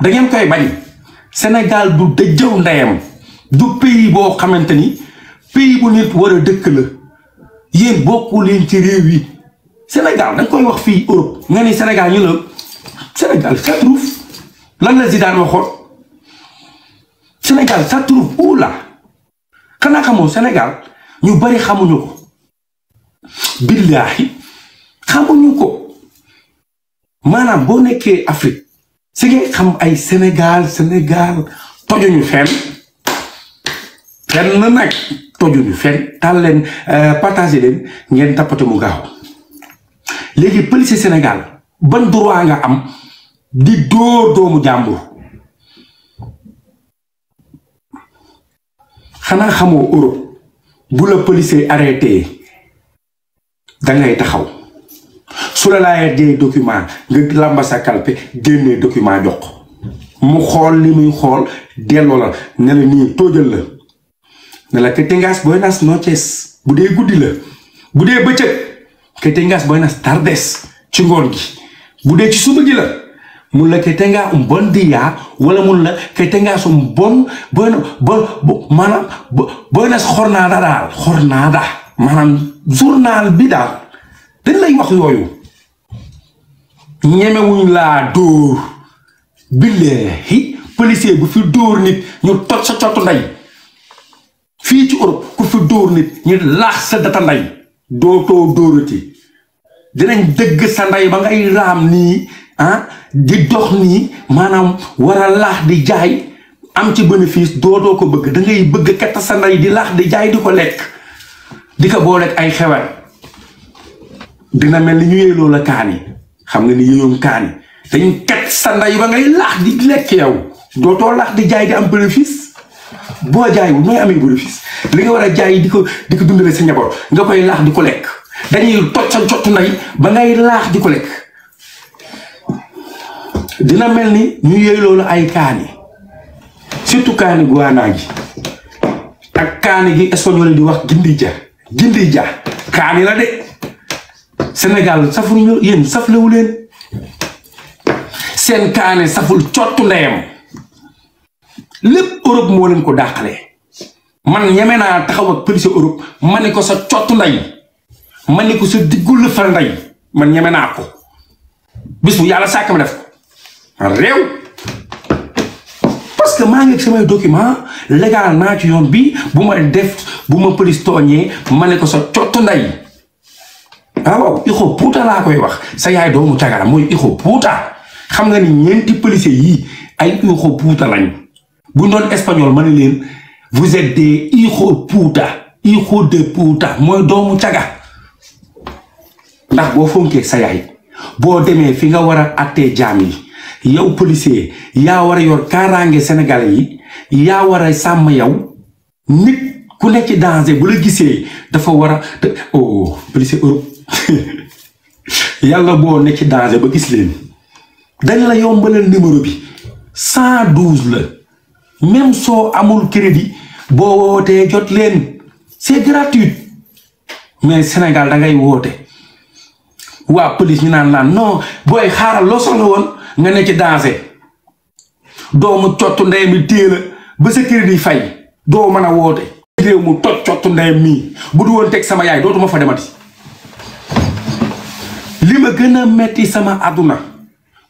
da koy bañ Sénégal du dëjëw ndeyam du pays boo xamante ni pays bu nit war dëkk la yéen bokku leen ci réew yi Sénégal da nga koy wax fii Europe nga ni Sénégal ñu la Sénégal ça lan la Zidane waxoon Sénégal ça trouve où xanaa xamoo Sénégal ñu bari xamuñu ko billaahi xamuñu ko maanaam boo nekkee Afrique si ngay xam ay Sénégal Sénégal tojuñu fenn fenn nag tojuñu fenn taal leen euh, partagé leen ngeen tappate mu gaaw léegi police Sénégal ban droit nga am di dóor doomu jàmbur xanaa xamoo Europe bu la police arrêté da taxaw. su la laajee document nga làmba sa kalpe génnee document jox mu xool li muy xool delloo la ne la nii tóojal la ne la Ketengas Buenas noches bu dee guddi la bu dee bëccëg Ketengas nas tardes ci ngoon gi bu dee ci suba la mun la Ketengas un bon dia wala mun la Ketengas un bon bon bon maanaam Buenas jornada daal jornada journal bi daal dañ lay wax yooyu ñemewuñ laa dóor billahi policier bu fi dóor nit ñu toj sa cottu ndey fii ci Europe ku fi dóor nit ñu laax sa data ndey dootoo dóorati dinañ dëgg sa ndey ba ngay raam nii ah di dox nii maanaam war a laax di jaay am ci bénéfice dootoo ko bëgg da bëgg katta sa ndey di laax di jaay di ko lekk di ko booleeg ay xewal dina mel ni ñu yéyloo la kaan xam nga ni yéyoom kaan yi dañu kat ba ngay laax di yow dootoo laax di jaay am bénéfice boo jaayul nooy amee bénéfice li nga war a jaay di ko di ko dundale sa njaboot nga koy laax di ko lekk dañuy toj sa jotu ndey ba ngay laax di ko lekk dina mel ni ñu yéyloo la ay kaan surtout kaani guwaanaa gi ak kaani gi espagnol di wax gindi ja gindi ja kaani la de Sénégal safuñu yéen saflewu leen seen kaane saful cottu ndeyam lépp Europe moo leen ko dàqale man ñeme naa taxaw ak police Europe ma ni ko sa cottu ndey ma ni ko sa diggul fa ndey man ñeme naa ko bis bu yàlla sàkk ma def ko réew parce que maa ngi ak samay document légal naa yoon bi bu ma def bu ma police tooñee ma ne ko sa cottu ndey ah waaw ixo puuta laa koy wax sa yaay doomu cagala mooy ixo pouta xam nga ni ñeenti policier yii ay ixo puuta lañ bu ñu doon espagnol ma ne leen vous êtes des ixo puuta ixo de puuta mooy doomu caga ndax boo fonkee sa yaay boo demee fi nga war a attee jaam yi yow policier yaa war a yor kaaraange sénégalais yi yaa war a sàmm yow nit ku nekk ci danger bu la gisee dafa war a oh, oh, oh policier Europe yàlla boo ne ci danger ba gis leen dañ la yombalal numéro bi cent douze la même soo amul crédit boo wootee jot leen c'est gratuit mais Sénégal dangay woote waa police ñu naan laan non booy xaaral loo woon nga ne ci danger doomu cottu ndey mi téela ba sa crédit fay doo mën a woote réew mu tot cottu ndey mii bu du woon teg sama yaay dootuma fa demati li ma gën a metti sama àdduna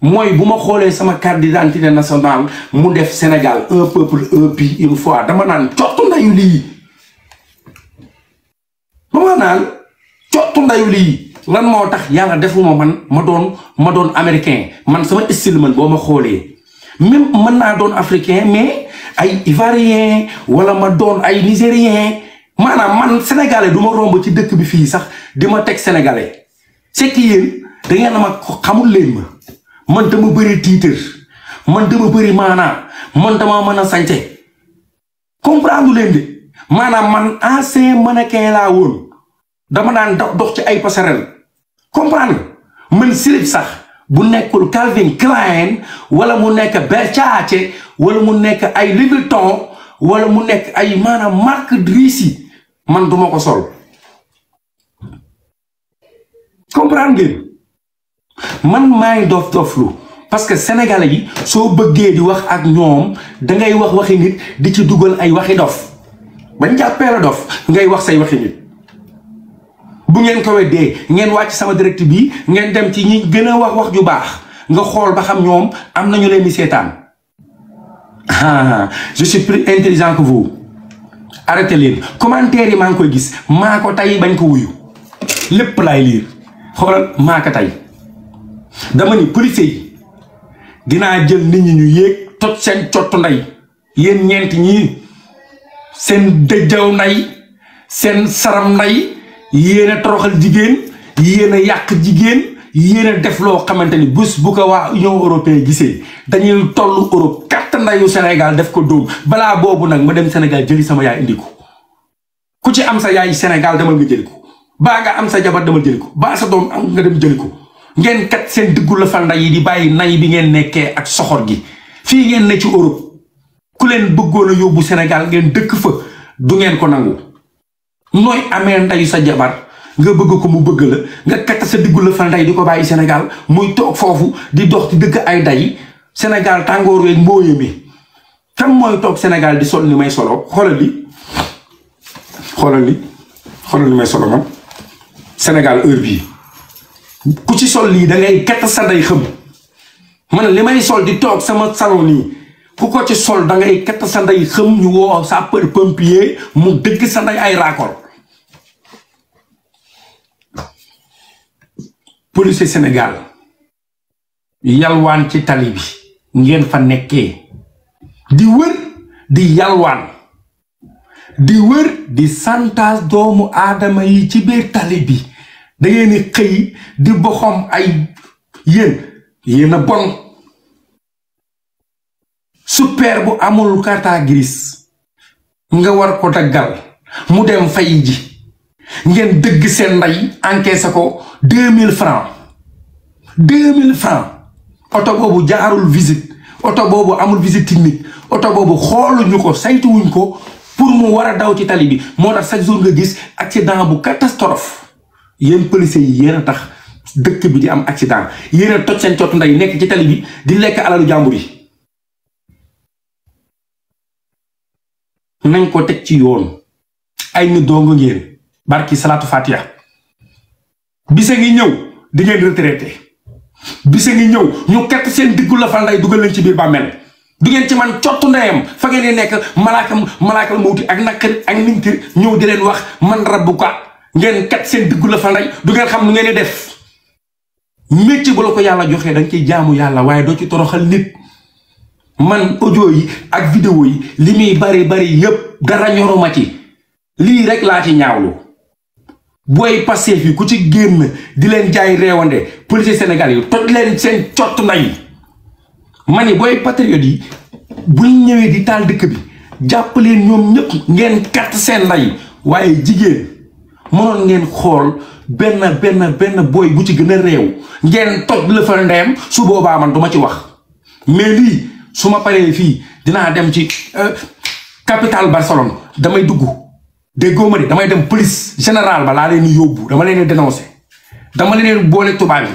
mooy bu ma xoolee sama carte d'identité mu def Sénégal un peuple un pays une foi dama naan cottu ndayu lii dama naan cottu ndayu lii lan moo tax yàlla defuma man ma doon ma doon américain man sama style man boo ma xoolee même mën naa doon africain mais ay ivoirien wala ma doon ay nigérien maanaam man sénégalais du ma romb ci dëkk bi fii sax di ma teg sénégalais c'est que yéen da ko xamul leen ma man dama bëri tiitër man dama bëri maanaa man dama mën a sance comprendre leen de maanaam man ancien mannequin laa woon dama daan dox ci ay passerelle comprendre man slip sax bu nekkul Calvin Klein wala mu nekk Versace wala mu nekk ay Louis Vuitton wala mu nekk ay maanaam marque Drissi man duma ko sol comprendre ngeen man maay dof doflu parce que sénégalais yi soo bëggee di wax ak ñoom da ngay wax waxi nit di ci dugal ay waxi dof bañ jàppee la dof ngay wax say waxi nit bu ngeen ko weddee ngeen wàcc sama direct bi ngeen dem ci ñi gën wax wax ju baax nga xool ba xam ñoom am nañu leen di seetaan ah je suis plus intelligent que vous arrêtez leen commentaire yi maa ngi koy gis maa ko tey bañ ko wuyu lépp laay lire. xoolal maaka dama ni policier dinaa jël nit ñi ñu yéeg tot seen cottu ndey yéen ñeent ñi seen dëjaw ndey seen saram ndey yéen a toroxal jigéen yéen a yàq jigéen yéen a def loo xamante ni bés bu ko waa Union européenne gisee dañuy toll Europe carte ndeyu Sénégal def ko dóom balaa boobu nag ma dem Sénégal jëli sama yaay indi ko ku ci am sa yaay Sénégal dama nga jëli ko baa nga am sa jabar demal jëli ko baa sa doom am nga dem jëli ko ngeen kat seen diggu la fanda yi di bàyyi nay bi ngeen nekkee ak soxor gi fii ngeen ne ci Europe ku leen bëggoon a yóbbu Sénégal ngeen dëkk fa du ngeen ko nangu nooy amee ndeyu sa jabar nga bëgg ko mu bëgg la nga kat sa diggu la fanda yi di ko bàyyi Sénégal muy toog foofu di dox di dëkk ay day Sénégal tàngoor weeg mbooyee mi tam mooy toog Sénégal di sol ni may solo xoolal li xoolal li may solo Sénégal heure bii ku ci sol lii dangay ngay gàtt sa day xëm man li may sol di toog sama salon nii ku ko ci sol da ngay gàtt sa day xëm ñu woo sapeur pompier mu dëgg sa nday ay raakool. policier senegal yalwaan ci tali bi ngeen fa nekkee di wër di yalwaan di wër di santaas doomu aadama yi ci biir tali bi. da ngeen di xëy di boxom ay yéen yéen a bon super bu amul carte grise nga war ko daggal mu dem fay ji ngeen dëgg seen ndey encaissé ko deux mille francs deux mille francs oto boobu jaarul visite oto boobu amul visite technique oto boobu xooluñu ko saytuwuñ ko pour mu war a daw ci tali bi moo tax chaque jour nga gis accident bu catastrophe yéen policiers yi yéen a tax dëkk bi di am accident yéen toj seen nday ndey nekk ci tali bi di lekk alalu jàmbur yi nañ ko teg ci yoon ay nit doo nga ngeen barki salaatu fatiha bise ngi ñëw di ngeen retraité bise ngi ñëw ñu kett seen diggu la fa ndey dugal leen ci biir bàmmeel du ngeen ci man cottu ndeyam fa ngeen di nekk malaakam malaakal mawti ak nakkari ak ninkir ñëw di leen wax man rabbuka ngeen kat seen diggu la fa ndey du ngeen xam lu ngeen di def métier bu la ko yàlla joxe da nga jaamu yàlla waaye doo ci toroxal nit man audio yi ak vidéo yi li muy bari bari yépp dara ñoruma ci lii rek laa ci ñaawlu booy Pastef yi ku ci génn di leen jaay réewande police Sénégal yi toj leen seen cott nday ma booy patriote yi buñ ñëwee di taal dëkk bi jàpp ñoom ñëpp ngeen kat seen nday waaye jigéen mënoon ngeen xool benn benn benn booy bu ci gën a réew ngeen toj la fa ndeyam su boobaa man duma ci wax mais su ma paree fii dinaa dem ci euh, capitale Barcelone damay dugg déggoo ma de damay dem police générale ba laa leen di yóbbu dama leen dénoncé dama leen boole tubaab yi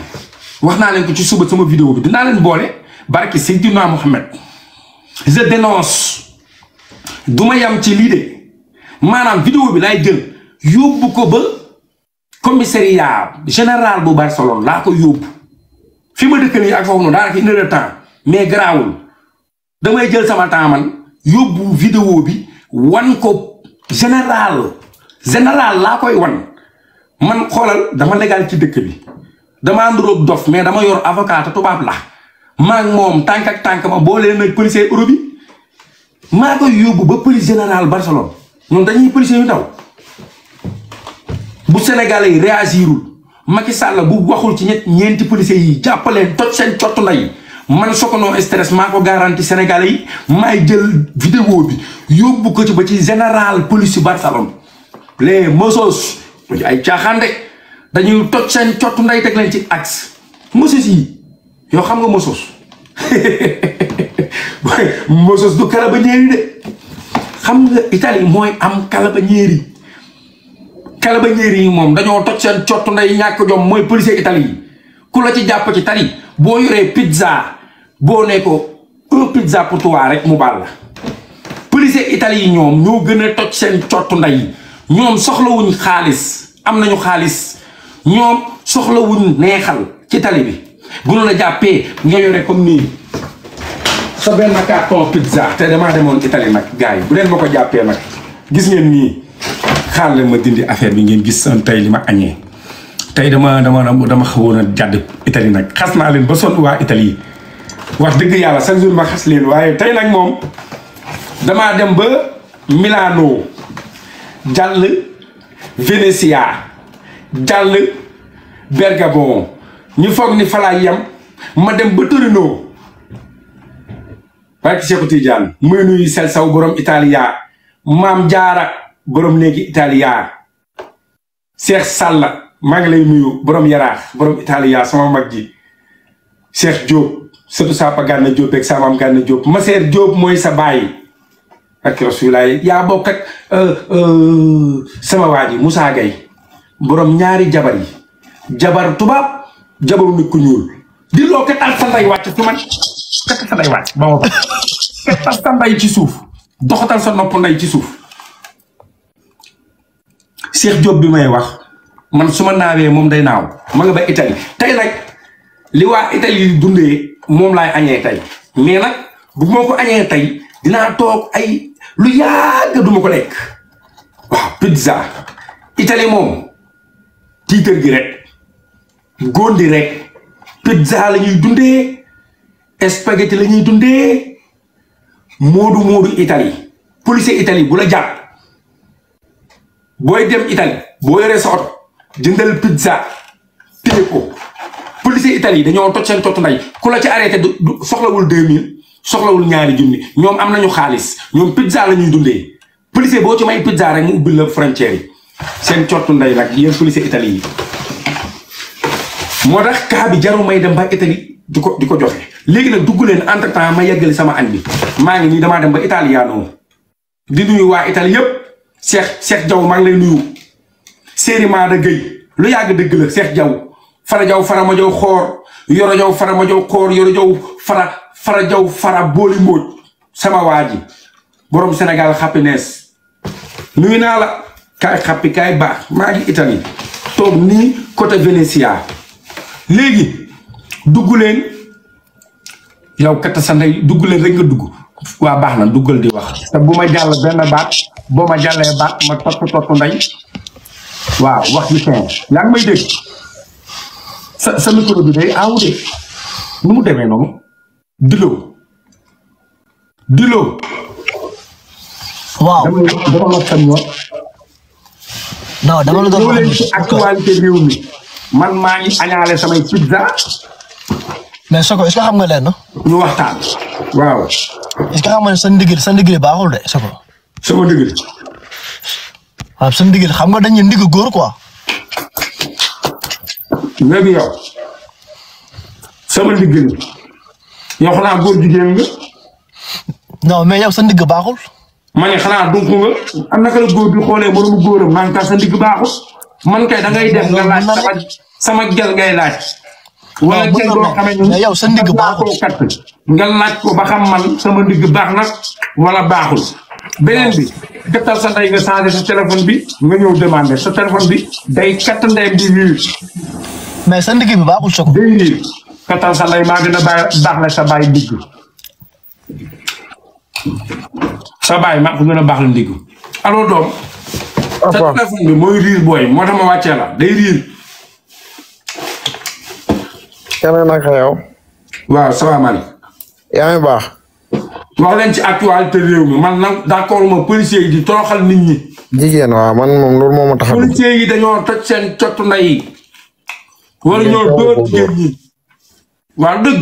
wax naa leen ko ci suba suma vidéo bi dinaa leen boole barke Seydina Mohamed je dénonce duma yam ci lii de maanaam vidéo bi laay jël yóbbu ko ba commissariat général bu Barcelone laa ko yóbbu fi ma dëkk nii ak foofu noonu daa une heure de temps mais garaawul damay jël sama temps man yóbbu vidéo bi wan ko général général laa koy wan man xoolal dama légal ci dëkk bi dama ànduroog dof mais dama yor avocat tubaab la maa ngi moom tànk ak tànk ma boole na nag policier Europe maa koy yóbbu ba police général Barcelone ñun dañuy policier yu ndaw bu Sénégalais yi réagirul Macky Sall bu waxul ci ñett ñeenti policiers yi jàppaleen toj seen cottu nday man Sokono stress maa ko garanti Sénégalais yi maay jël vidéo bi yóbbu ko ci ba ci général police Barcelone les Mossos ay caaxaan de dañuy toj seen cottu nday teg ci axe Mossos yi yoo xam nga Mossos Mossos du Carabinieri de xam nga Italie mooy am Carabinieri carabinieri yi moom dañoo toj seen cottu nday ñàkk jom mooy policier itali ku la ci jàpp ci tali boo yoree pizza boo ne ko un pizza pour rek mu baal la policier Italie yi ñoom ñoo gën a toj seen cottu nday ñoom soxlawuñ xaalis am nañu xaalis ñoom soxlawuñ neexal ci tali bi bu a jàppee ñoo yore comme nii sa benn carton pizza te damaa demoon Italie nag gars yi bu leen ma ko jàppee nag gis ngeen nii xaar leen ma dindi affaire bi ngeen gis tey li ma añee tey dama dama dama xawoon a jàdd Italie nag xas naa leen ba sonn waa Italie wax dëgg yàlla chaque jour ma xas leen waaye tey nag moom damaa dem ba Milano jàll Venezia jàll Bergamo ñu foog ni falaa yem ma dem ba Torino waaye ki Cheikh Tidiane muy nuyu sel saw borom Italia maam jaara borom néegi Italia Cheikh Sall maa ngi lay nuyu borom yaraax borom Italia sama mag ji Cheikh Diop sëtu Sapa Gànna Diop ak Samam Gànna Diop Maseer jóob mooy sa baay ak Rasulaay yaa bokk ak euh, euh, sama waa ji Moussa Gueye borom ñaari jabar jabar tubaab jabaru nit ku ñuul di loo sa ndey wàcc su man sa ndey ci suuf doxatal sa nopp ndey ci suuf Cheikh jot bi may wax man su ma naawee moom day naaw ma nga ba Italie tey nag li waa Italie dundee moom laay añee tay mais nag bu ma ko añee tey dinaa toog ay lu yàgg duma ko lekk waaw pizza Italie moom tiitër gi rek góondi rek pizza la ñuy dundee spaghetti lañuy ñuy dundee moodu moodu Italie policier Italie bu la jàpp booy dem Italie boo yoree sa oto jëndal pizza téye ko policier dañoo toj seen cottu nday ku la ci arrêté du soxlawul mil soxlawul ñaari junni ñoom am nañu xaalis ñoom pizza la ñuy dundee policier boo ci may pizza rek mu ubbil la frontière yi seen cottu nday nag yéen policier Italie yi. moo tax cas bi jaru may dem ba Italie di ko di ko joxe léegi nag dugg leen entre temps ma yeggali sama añ bi maa ngi nii damaa dem ba italiano di nuyu waa Italie yëpp. Cheikh Cheikh jaw maa lay nuyu Séeri Maada Gueye lu yàgg dëgg la Cheikh Diaw Fara Diaw Fara ma Diaw xoor Yoro Diaw Fara ma Diaw xoor Yoro Diaw Fara Fara Diaw Fara booli mbóoj sama waa ji borom Sénégal happiness nuyu naa la kaay xappi kaay baax maa ngi Italie toog nii côté Venezia léegi dugg leen yow katta sa ndey dugg leen rek nga dugg waa baax na duggal di wax te bu ma jàll benn baat boo ma jàllee baax ma tott tott ndey waaw wax ji fin yaa ngi may dégg sa sa micro bi day aaw de nu mu demee noonu dilo dilo waaw man maa ngi añaale samay pizza mais Soko est de que xam nga leen. ñu waxtaan. waaw. est-ce que xam nga ne sa baaxul de Soko. sama ndigil. waaw sa ndigil xam nga dañuy ndig góor quoi. léegi yow sama góor jigéen nga. non sa ndigg baaxul. ma ne xanaa donc nga am naka la góor bi xoolee moromu góoram maa ngi sa ndigg baaxul man kay da ngay def nga laaj sama sama gel ngay laaj. wala cër boo xamee yow sa ndigg baaxul nga laaj ko ba xam man sama ndigg baax na wala baaxul beneen bi gëttal sa ndey nga changé sa téléphone bi nga ñëw demandé sa téléphone bi day katt sa ndigg bi day riir gëttal sa ndey maa gën a baax la sa baay ndigg sa baay maa ko a baax la ndigg allo doom sa téléphone bi mooy riir booy moo tax ma wàccee la day riir keneen ak yow. waaw salaamaaleykum. yaa ngi baax. wax leen ci actualité réew mi man nag d'accord ma policiers yi di toroxal nit ñi. jigéen waaw man moom loolu moo dañoo toj seen cottu ndey yi. war ñoo dóor jigéen ñi. waaw dëgg.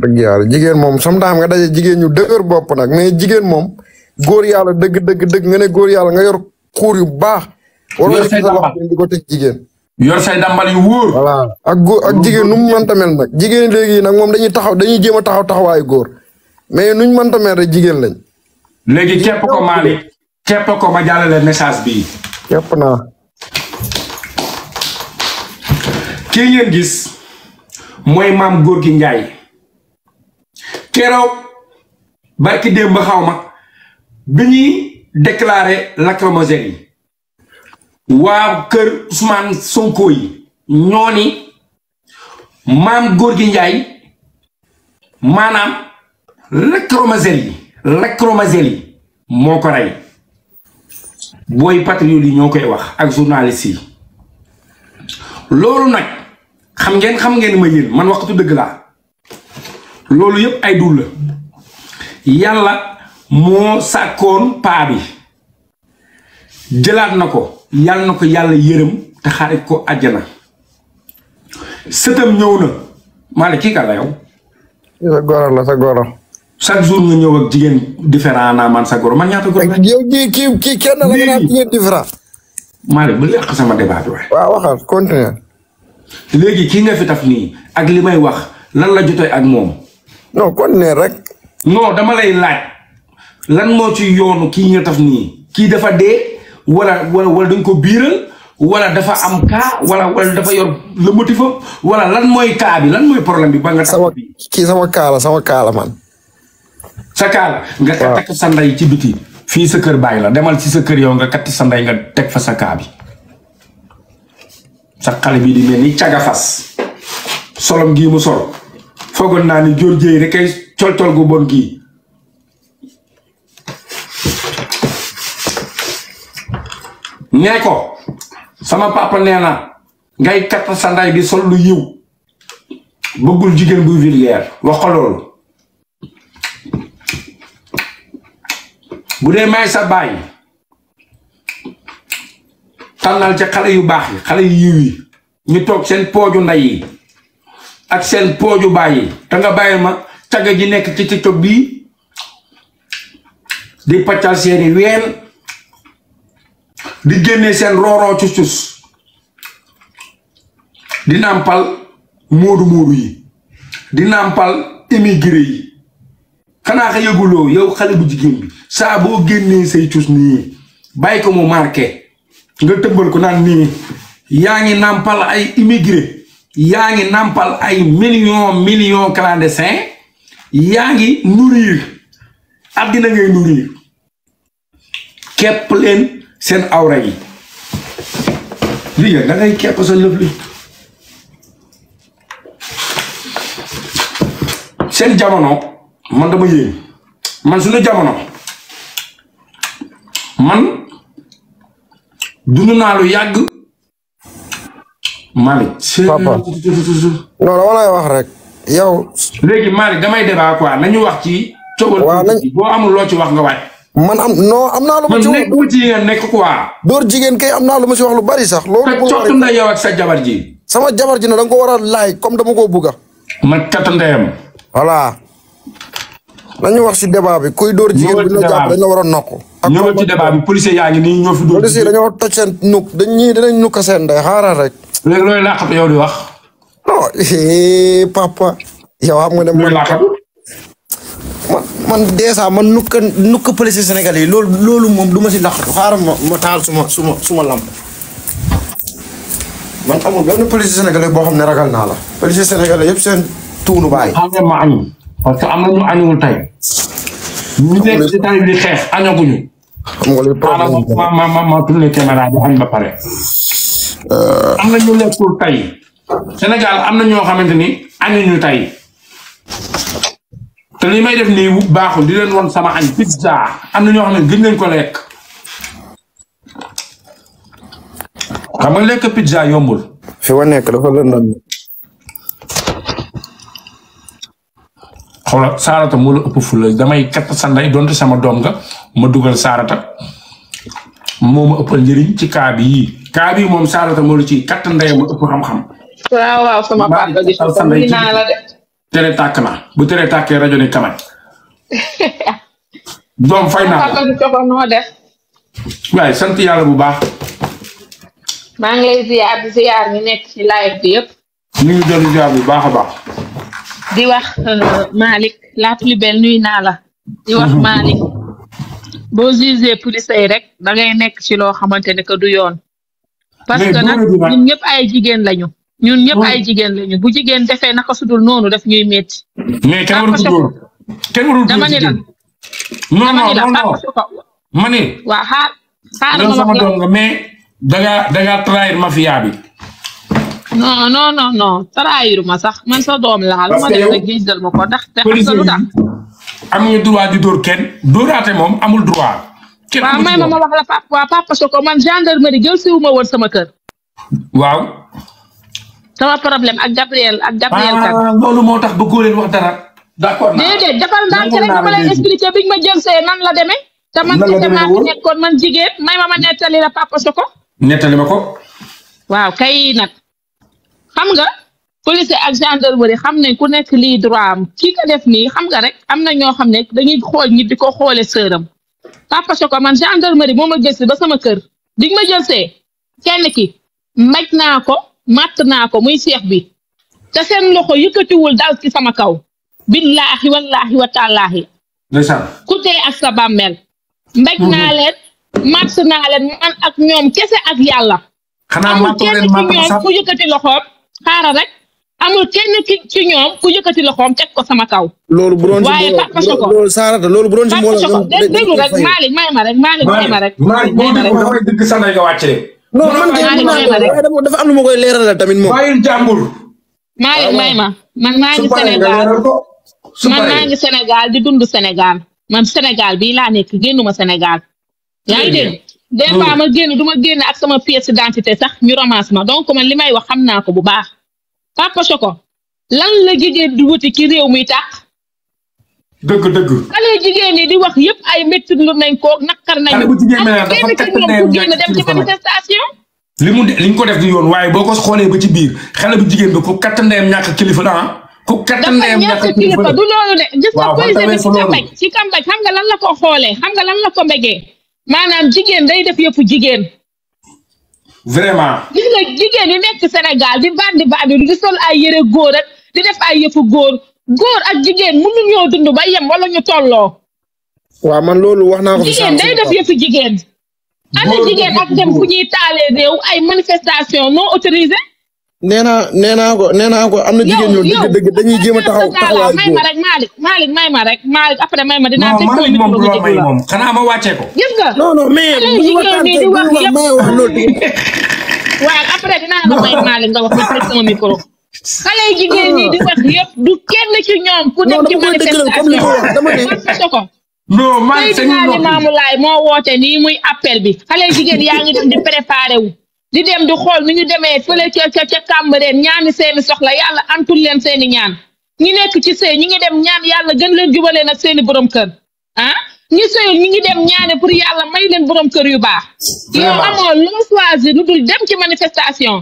dëgg yàlla jigéen moom sometimes nga daje jigéen ñu dëgër bopp nag mais jigéen moom góor yàlla dëgg dëgg dëgg nga ne góor yàlla nga yor xuur yu baax. war nga di ko te jigéen. yoon say dambal yu wóor. voilà ak góor ak jigéen nu mu mënta jigéen léegi nag moom dañuy taxaw dañuy jéem a taxaw taxawaayu góor mais nuñ mënta rek jigéen lañ. léegi képp ko maali képp ko ma jàllale message bi képp na ki ngeen gis mooy maam góor gi Njaay keroog barki démb xaw ma bi ñuy déclaré lacrymogène yi. waa kër Ousmane Sonko yi ñoo ni maam góor gi Njaay maanaam lacrymogène yi lacrymogène yi moo ko rey booy patriote yi ñoo koy wax ak journaliste yi loolu nag xam ngeen xam ngeen ma yéen man waxtu dëgg la loolu yëpp ay dul yàlla moo sàkkoon paa bi jëlaat na ko yàlla na ko yàlla yërëm te xaarit ko àjjana sëtam ñëw na Malick kii kan la yow. sa goro la sa chaque jour nga ñëw ak jigéen différent naa man sa goro man ñaata goro la. yow kii kii kii kenn la nga naan jigéen sama débat bi waxal continuer. léegi kii nga fi taf nii ak li may wax lan la jotee ak moom. non continuer rek. non dama lay laaj. lan moo ci yoonu kii nga taf nii. kii dafa dee. wala wala wala ko biiral wala dafa am cas wala wala dafa yor le motif wala lan mooy cas bi lan mooy problème bi ba nga. sama kii sama kaala sama kaala man. sa kaala. sa ci biti. fii sa kër bàyyi la demal ci sa kër yow nga sa ndey nga teg fa sa kaa bi xale bi di mel ni cagafas solom gii mu sol foogoon naa ni jóor jéey rek ay colcol gu bon gii nee ko sama papa nee ngay katt sa nday di sol lu yiw bëggul jigéen buy vulgaire wax ko bu dee may sa baay tànnal ci xale yu baax xale yu yiw yi ñu toog seen pooju nday ak seen pooju baay yi te nga bàyyi ma cagg ji nekk ci tiktok bii di paccal seeni ween di génnee seen rooroo cus-cus di nàmpal móodu móodu yi di nàmpal émigré yi xanaa xa yëguloo yow xale bu jigéen bi saa boo génnee say cus nii bàyyi ko mu marqué nga tëbbal ko naan nii yaa ngi nàmpal ay immigré yaa ngi nàmpal ay million million clandestin yaa ngi nourrir àddina ngay nourrir képp leen seen awra yi liggéey da ngay kepp sa lëf li seen jamono man dama yéen man suñu jamono man dund naa lu yàgg Malick papa non dama lay wax rek yow léegi Malick damay débat quoi nañu wax ci coowal boo amul loo ci wax nga waay man am non am naa lu ma ci wax nekk ci nga nekk quoi. door jigéen kay am na lu ma ci wax lu bari sax. loolu ko cottu sa jabar ji. sama jabar ji na da ko war a laaj comme dama koo bugga man cottu ndeyam. voilà. nañu wax ci débat bi kuy door jigéen bi ñu jàpp dañ la a nokk. ak ñëwal ci débat bi policier yaa ngi nii ñoo fi. dóor policier dañoo toj seen nuk dañ ñii dinañ nukk seen ndey xaaral rek. léegi looy laaxatu yow di wax. non eh, papa. yow xam nga ne mooy laaxatu. man man dèjà man nukka nukka police sénégalais yi loolu loolu moom du ma si laqatu xaaral ma taal suma suma suma lamp man amul benn police sénégalais boo xam ne ragal naa la police sénégalais yëpp seen tuunu baay. xam nga ma añu parce bi xeex xam nga li problème ma ma ma ma pare. Euh. am na ñu lekkul tey Sénégal am na ñoo xamante ni añuñu tey. te li may def nii baaxul di leen won sama añ pizza am na ñoo xam ne gën nañ ko lekk xam nga lekk pizza yombul. fi ma nekk dafa lëndëm. xoolal Sarata moo la ëpp fula damay kat sanday donte sama doom nga ma dugal saarata moo ma ëppal njëriñ ci kaa bi yii kaa moom Sarata moo la ci kat ndey ma ëpp xam-xam. tere tàkk bu tere tàkkee rajo ni kamaj doom fay naa def waaye sant yàlla bu baax maa ngi lay nekk ci live bi yëpp bu baax a baax wax euh, Malick la plus belle nuy naa la di wax Malick boo jugee police yi rek da ngay nekk ci loo xamante ne que du yoon parce que ñëpp ay jigéen lañu ñun ñëpp ay jigéen lañu bu jigéen defee naka sudul noonu daf ñuy métti. mais kenn warul góor kenn warul góor dama ni la ma ne. waaw xaar xaar ma sama doom nga mais dangaa ma sax man sa doom laa lu ma ko ndax te xam di dóor kenn dóoraate moom amul droit. kenn waaw may ma ma wax la papa Soko man gendarmerie jël si wu ma woon sama kër. waaw. sama problème ak Gabriel ak Gabriel ah, Kane. loolu moo tax bëggoo leen wax dara. d'accord naa déedéet defal ndànk rek lay expliquer bi ma jël see nan la demee. ta man ci damaa fi nekkoon man jigéen ma ma nettali la papa Soko. nettali ko. waaw kay nag xam nga police ak gendarmerie xam ne ku nekk lii droit am kii ko def nii xam nga rek am na ñoo xam ne dañuy xool ñi di ko xoole sëram papa Soko man gendarmerie moo ma jël si ba sama kër dig ma jël see kenn ki maj naa ko. matt naa ko muy seex bi te seen loxo yëkkatiwul dal ci sama kaw billaahi wallaahi wa taalaahi ku dee ak sa bàmmeel mbéj naa leen màtt naa leen man ak ñoom kese ak yàlla amul kenn ci ñoom ku yëkkati loxoom xaaral rek amul kenn ci ñoom ku yëkkati loxoom teg ko sama kaw loolu bu doon waaye Papa Soko loolu Sarata loolu bu doon ci moo la déglu rek Malick may ma rek Malick may ma rek Malick may ma rek non man kay dafa am lu ma koy leeralal tamit moom. bàyyil jàmbur. ma man maa Sénégal man maa ngi Sénégal di dund Sénégal man Sénégal bii laa nekk génnuma Sénégal. yaa ngi dégg des fois génn duma génn ak sama pièce d'identité sax ñu romance ma donc man li may wax xam naa ko bu baax. Papa Choco lan la jigéen di wuti ci réew mi tax. dëgg dëgg. xale jigéen ñi di wax yëpp ay métti lu nañ ko naqar nañ. xale bu jigéen mel dafa teg ko def di yoon waaye boo ko xoolee ba ci biir xale bu jigéen bi ku katt ndeyam ñàkk kilifa la ah. ku katt ndeyam ñàkk kilifa du loolu de. gis nga policier bi ci kambañ ci kambañ xam nga lan la ko xoolee xam nga lan la ko mbégee maanaam jigéen day def yëpp jigéen. vraiment. gis nga jigéen yu nekk Sénégal di bandi bandi di sol ay yëre góor ak di def ay yëfu góor góor ak jigéen mënuñoo dund ba yem wala ñu tolloo. waaw man loolu wax naa ko. jigéen day def yëfu jigéen. ana jigéen ak ay manifestation non autorisée. nee naa nee naa ko nee naa ko am na jigéen ñoo dëgg dëgg dañuy jéem taxaw taxawaay may ma rek Malick Malick may ma rek Malick après may ma dinaa. teg moom loolu may moom xanaa ma wàccee ko. gis nga non non mais. jigéen ñi di wax yëpp waaye après dinaa la may Malick nga wax ma teg sama micro. xale yi jigéen ñi di wax du kenn ci ñoom ku dem ci manifestation non man Seydina Limaamu Laay moo woote nii muy appel bi xale yi jigéen yaa ngi dem di préparé wu di dem di xool nu ñu demee fële ca ca ca Cambérène ñaani seeni soxla yàlla antul leen seeni ñaan ñi nekk ci sëy ñi ngi dem ñaan yàlla gën leen jubaleen ak seeni borom kër ah ñi sëyul ñi ngi dem ñaane pour yàlla may leen borom kër yu baax yow amoo loo choisir lu dul dem ci manifestation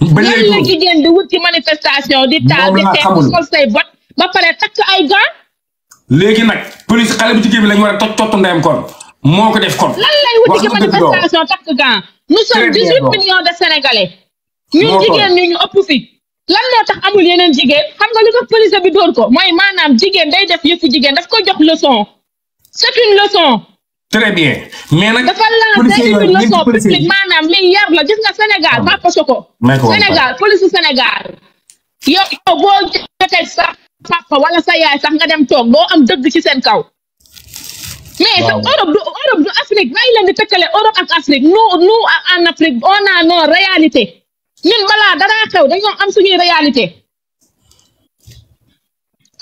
ba léegi la jigéen di wut ci manifestation di taal di teg sol say bot ba pare takk ay gan léegi nag police xale bu jigéen bi lañu war a tot tottu ndeyam kon moo ko def kon lan lay wuti ci manifestation takk gan nous sommes dix huit millions de sénégalais ñun jigéen ñu ëpp fi lan tax amul yeneen jigéen xam nga li ko police bi dóor ko mooy maanaam jigéen day def yëfu jigéen daf ko jox leçon c'est une leçon très bien mais nag. dafa laal dañuy leçon publique maanaam li yar la gis nga Sénégal ah. Papa Soko. Sénégal police Sénégal. yow yow boo jotee sax papa wala sa yaay sax nga dem toog boo am dëgg ci seen kaw. mais sa Europe du Europe du Afrique bàyyi leen di tëkkale Europe Afrique nous nous en Afrique on a nos réalités ñun balaa dara xew dañoo am suñuy réalité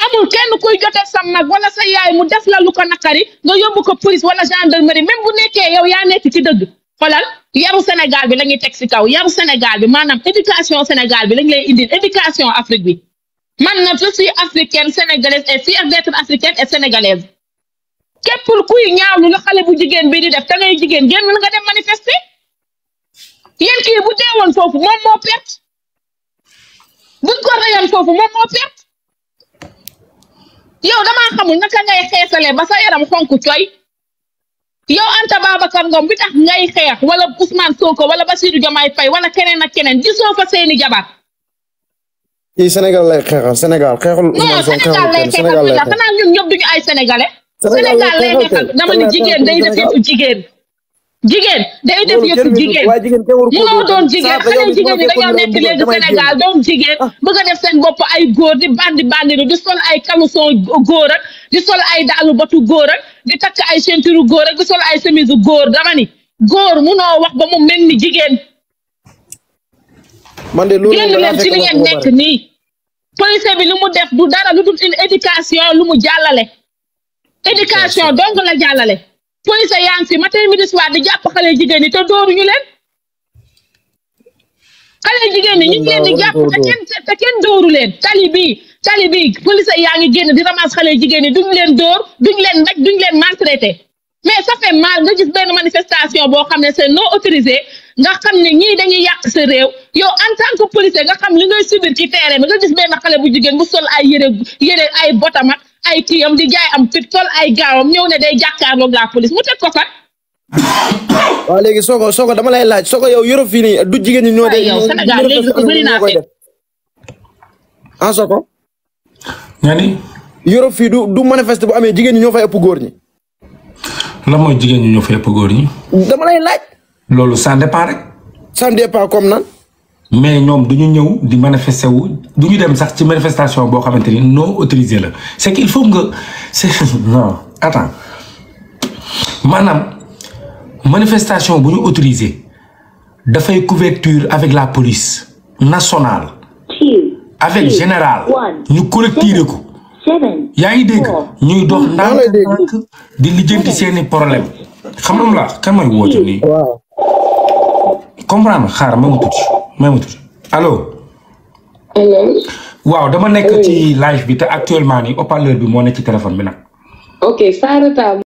amul kenn kuy jotee sam mag wala sa yaay mu def la lu ko naqari nga yóbbu ko police wala gendarmerie même bu nekkee yow yaa nekk ci dëgg xoolal yaru Sénégal bi la ñuy teg si kaw yaru Sénégal bi maanaam éducation Sénégal bi lañ lay indil éducation Afrique bi man na je suis africaine sénégalaise et fière d'être africaine et sénégalaise képp kuy ñaawlu la xale bu jigéen bi di def te ngay jigéen génn nga dem manifester yéen bu deewoon foofu moom moo perte buñ ko yow damaa xamul naka ngay xeesalee ba sa yaram xonk coy yow Anta Babacar Ngom bi tax ngay xeex wala Ousmane Sonko wala Bassirou Diomaye Faye wala keneen ak keneen gisoo fa seeni jabar. kii Sénégal lay xeexal Sénégal xeexul. Ousmane Sonko xeexul Sénégal lay xeexal xanaa ñun ay sénégalais. Sénégal lay xeexal dama ni jigéen day def yëfu jigéen. jigéen day def yëpp jigéen mënoo doon jigéen xale jigéen ñi dañoo nekk léegi Sénégal doon jigéen ah. bëgg a def seen bopp ay góor di bandi bandi di sol ay caleçon góor ak di sol ay daalu batu góor ak di takk ay ceinture góor ak di sol ay u góor dama góor góor mënoo wax ba mu mel ni jigéen. man de loolu génn leen nekk nii. policier bi lu mu def du dara lu dul une éducation lu mu jàllale. éducation donc la jàllale. police yaa ngi fi matin midi soir di jàpp xale jigéen ñi te dóoruñu leen xale jigéen ñi ñu ngi leen di jàpp te kenn te kenn tali bii tali bii yaa ngi génn di ramasse xale jigéen ñi duñ leen door duñ leen mbaj duñ leen maltraité mais ça fait mal nga gis benn manifestation boo xam ne seen non autorisé nga xam ne ñii dañuy yàq sa réew yow en tant que policier nga xam li ngay subir ci terrain bi nga gis benn xale bu jigéen bu sol ay yére yére ay botam ak ay kiyam di jaay am fit sol ay gaawam ñëw ne day jàkkaarloog la police mu teg ko waaw léegi Soko Soko dama lay laaj Soko yow Europe fii nii du jigéen ñi ñoo de. yow Sénégal léegi bëri naa fi ah Soko. nga ni. du du manifeste bu amee jigéen ñi ñoo fay ëpp góor ñi. lan mooy jigéen ñi ñoo góor dama lay laaj. loolu ça dépend rek. ça dépend comme nan. mais ñoom du ñu ñëw di manifester wu du ñu dem sax ci manifestation boo xamante ni non autorisé la c' que il faut nga c' est non attends maanaam manifestation bu ñu autorisé dafay couverture avec la police nationale. avec général ñu collecté ko. yaa ngi dégg ñuy dox ndànk di lijjanti seen i problème xam nga la kan may woote nii. comprendre xaar ma mu may ma tuuti alo allo. waaw dama nekk ci live bi te actuellement nii haut bi moo nekk ci téléphone bi nag. ok ça